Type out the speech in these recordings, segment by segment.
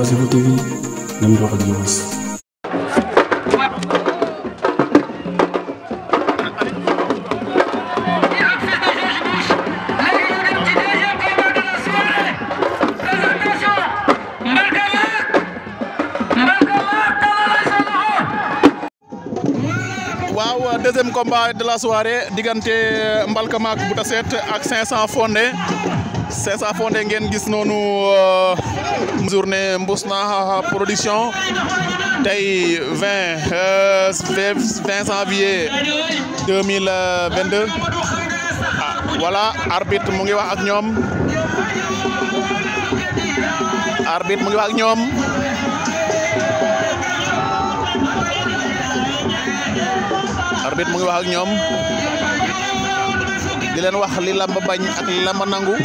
Wasifa TV nañ dox ak yow waaw deuxième combat de la soirée diganté mbalkama ak bu Tassette ak 500 fondé 500 fondé ngén gis noonu euh, journée Mbousnakh production day 20 20 janvier 2022 ah, voilà arbitre mu Agnom. wax ak arbitre mu ngi wax ak arbitre mu ngi wax ak ñoom di leen wax li lamba bañ ak lamba nangu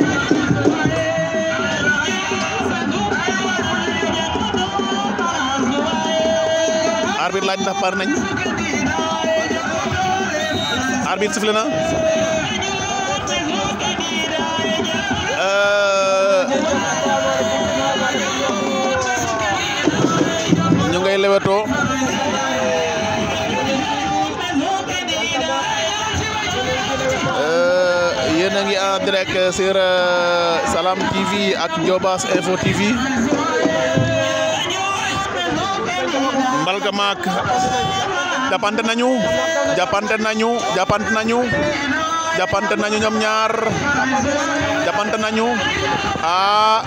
laaj ndax par nañ arbitre sifflé na eh, ñu ngay eh, euh, Salam TV ak jobas Info TV Garga Maak jàppante nañu jàppante nañu jàppante nañu jàppante nañu ñoom ñaar jàppante nañu ah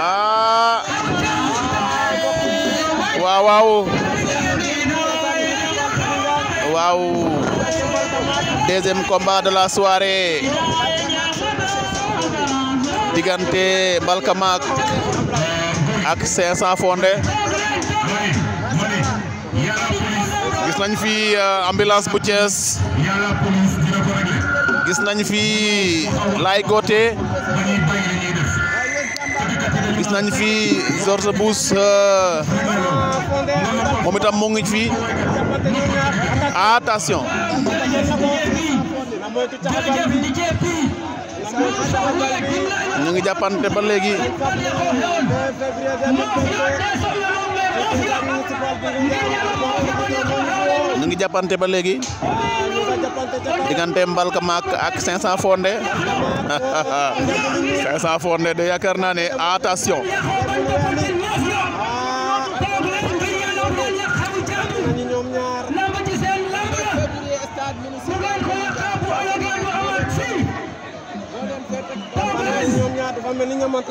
ah waaw waaw waaw deuxième combat de la soirée diggante Mbalka Maak ak 500 Fondé gis fi euh, ambulance bu Thiès gis nañ fi Laye Gothé gis nañ fi George Bush euh, moom itam mu ngi fi attention ngi jàppante ba léegi. ngi jàppante ba legi léegi tembal ke mak ak 500 Fondé 500 Fondé de yaakaar naa ne attention ñoom ñaar dafa mel ni ñamante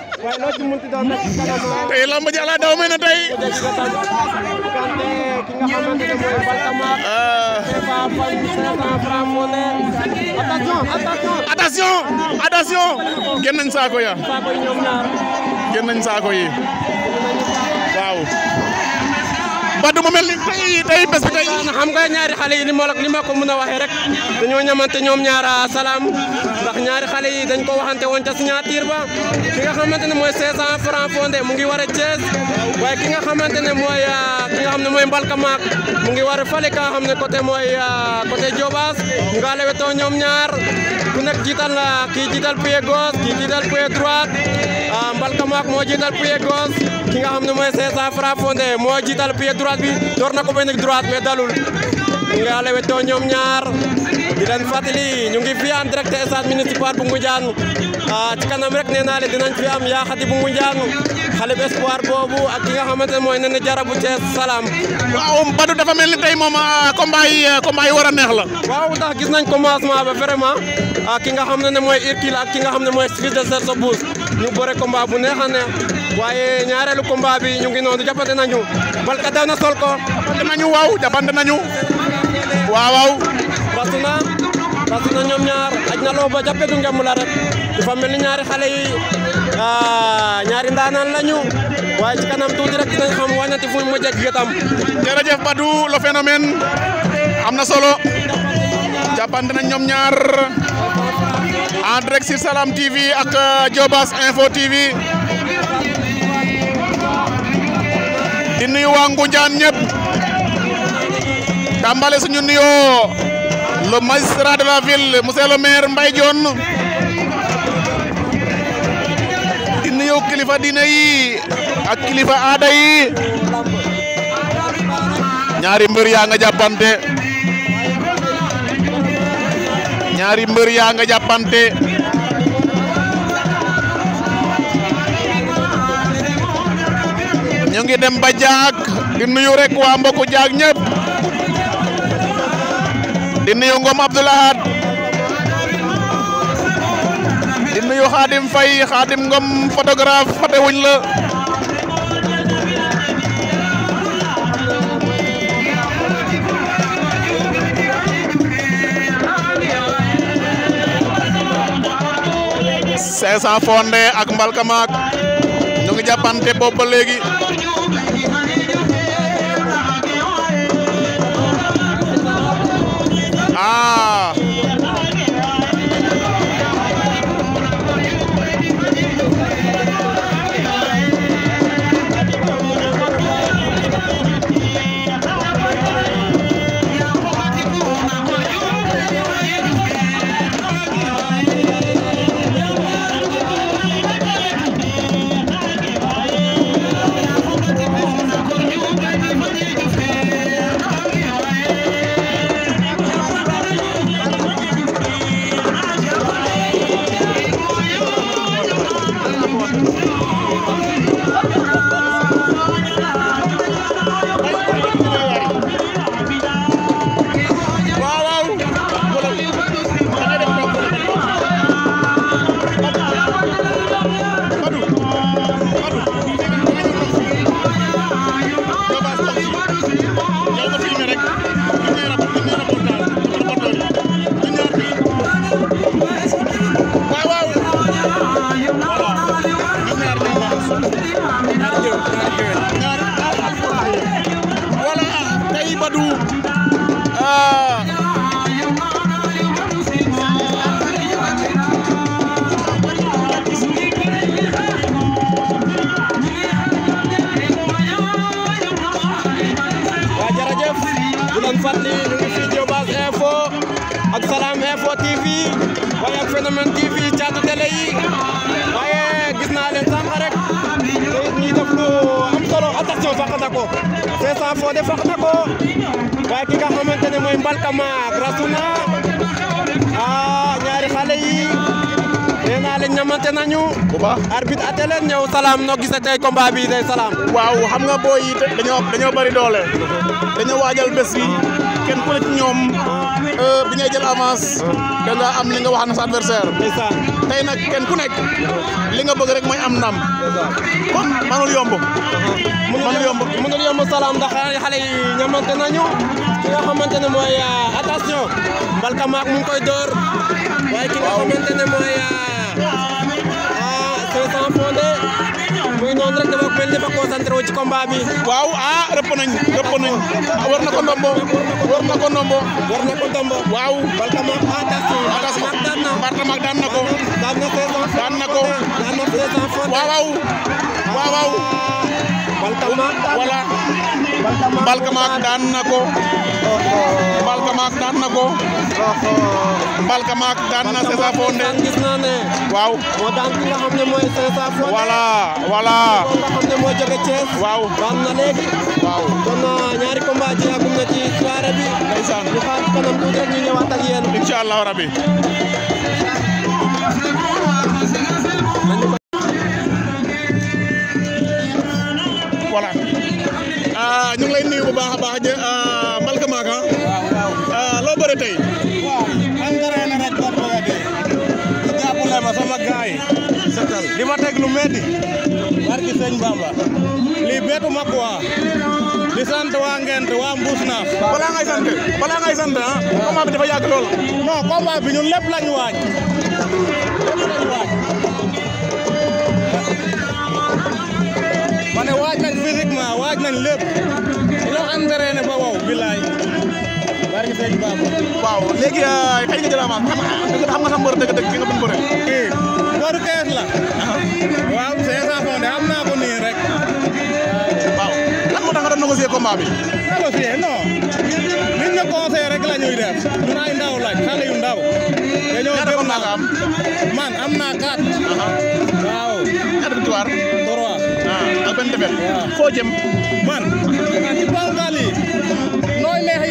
tey lamb ji ala daw mel na tey. attention attention génn nañ saako ya génn nañ saako yi ba du mu mel ni tey tey bés xam nga ñaari xale yi li ma li ko mën a waxee rek dañoo ñamante ñoom ñaara salaam ndax ñaari xale yi dañ ko waxante woon ca signature ba ki nga xamante ne mooy 500 francs fondé mu ngi war a Thiès waaye ki nga xamante ne mooy euh, ki mu ngi war a fale ka nga xam ne côté mooy euh, côté Diobass ñu nga lewetoo ñoom ñaar ku nekk jiital euh, kii jiital pied gauche kii jiital pied droite Euh, Mbalkamak moo jiital pied gauche ki nga xam ne mooy César Frappondé moo jiital pied droite bi door na ko benn droite mais dalul ñu ngi alewetoo ñoom ñaar di leen fàttali ñu ngi fii en direct stade municipal bu Ngoundiane euh, ci kanam rek nee naa leen dinañ fi am yaa xati bu Ngoundiane xale bu espoir boobu ak ki nga xamante ne mooy Nene Diarra bu Thiès salaam. waaw Badou ni tey moom euh, combat yi war a neex la. waaw ndax gis nañ commencement ba vraiment ki nga xam ne mooy Hercule ak ki nga xam ne mooy ñu boré combat bu neex na neex waaye ñaareelu combat bi ñu ngi noonu jappanté nañu Malka daw na sol ko jàppante nañu waw jàppante nañu waw waw batuna batuna ñom ñaar ajna lo ba jappé du ngam la rek dafa mel ni ñaari xalé yi ah ñaari ndaanaan lañu waaye ci kanam tuuti rek dañ xam wañati fu mu mujjee gëtam jëf badu lo phénomène amna solo jàppante nañ ñom ñaar Andrek Sir Salam TV ak eh, Jobas Info TV di nuyu waa Ngoundiane ñep tambalé suñu nuyo le magistrat de la ville monsieur le maire Mbaye Dione di nuyu kilifa dina yi ak kilifa ada yi ñaari mbeur ya nga jabanté ñaari mbër yaa nga jàppante ñu ngi dem ba jaag di nuyu rek waa mbokku jaag ñëpp di nuyu Ngom Abdou di nuyu Xaadim Faye Xaadim Ngom photographe fate wuñ la Insa Fondé ak Mbalka Maak ñu ngi jàppante boobu ba léegi ah ko 500 Fodé foq na ko waaye ki nga xamante ne mooy Mbalka Mar rasu ñamante nañu bu baax arbitre até leen ñëw salaam salam. Wow, tey combat bi tey salaam waaw xam nga booy yi dañoo dañoo bëri doole dañoo waajal bés bi kenn ku ne ci ñoom euh, bi ngay jël avance da nga am li nga wax na sa adversaire tey nag kenn ku nekk li nga bëgg rek mooy am ndam kon manul yomb manul yomb manul yomb salaam ndax xale yi ñamante nañu ki nga xamante ne euh, attention mu ngi koy door ki nga ne euh, mel dafa concentré wu ci combat bi. waaw ah rëpp nañ rëpp nañ war na ko ndombo war na ko ndombo war na ko ndombo waaw Bartama attention Bartama daan na ko daan na ko waaw waaw Bartama voilà Bartama daan na ko maak daan na waaw moo daan ki nga ne mooy César Fondé voilà voilà nga xam ne moo jóge Thiès waaw daan na léegi waaw kon ah, ñaari combat ji na ci soirée bi ndeysaan ñu xaar kanam tuuti ñu ñëwaat ak yéen incha allah di ma teg lu metti barki sëñ Bamba lii betu sant waa Ngent waa Mbuus Naaf. balaa ngay sant balaa ngay sant ah. combat bi dafa yàgg lool. non combat bi ñun lépp lañu waaj lépp lañu waaj. ma ne waaj nañ physiquement waaj nañ lépp bilaay. waaw léegi euh, kañ nga jël avance xam nga sa mbër ki nga bu mbër. kii mbër kees la. Uh-huh. waaw 500 fond de am naa ko nii rek. waaw lan moo tax nga doon négocier combat bi. négocier non liñ ñu conseillé rek la ñuy def. ñu ay ndaw laaj xale yu ndaw. dañoo gëm naa am man am naa 4. Uh-huh. waaw. ñaata victoire. 3. ah ak benn défaite. waaw jëm. man. ci Paul Bali. nooy neex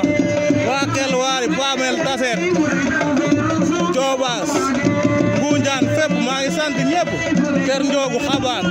não, Ndiogu acabar.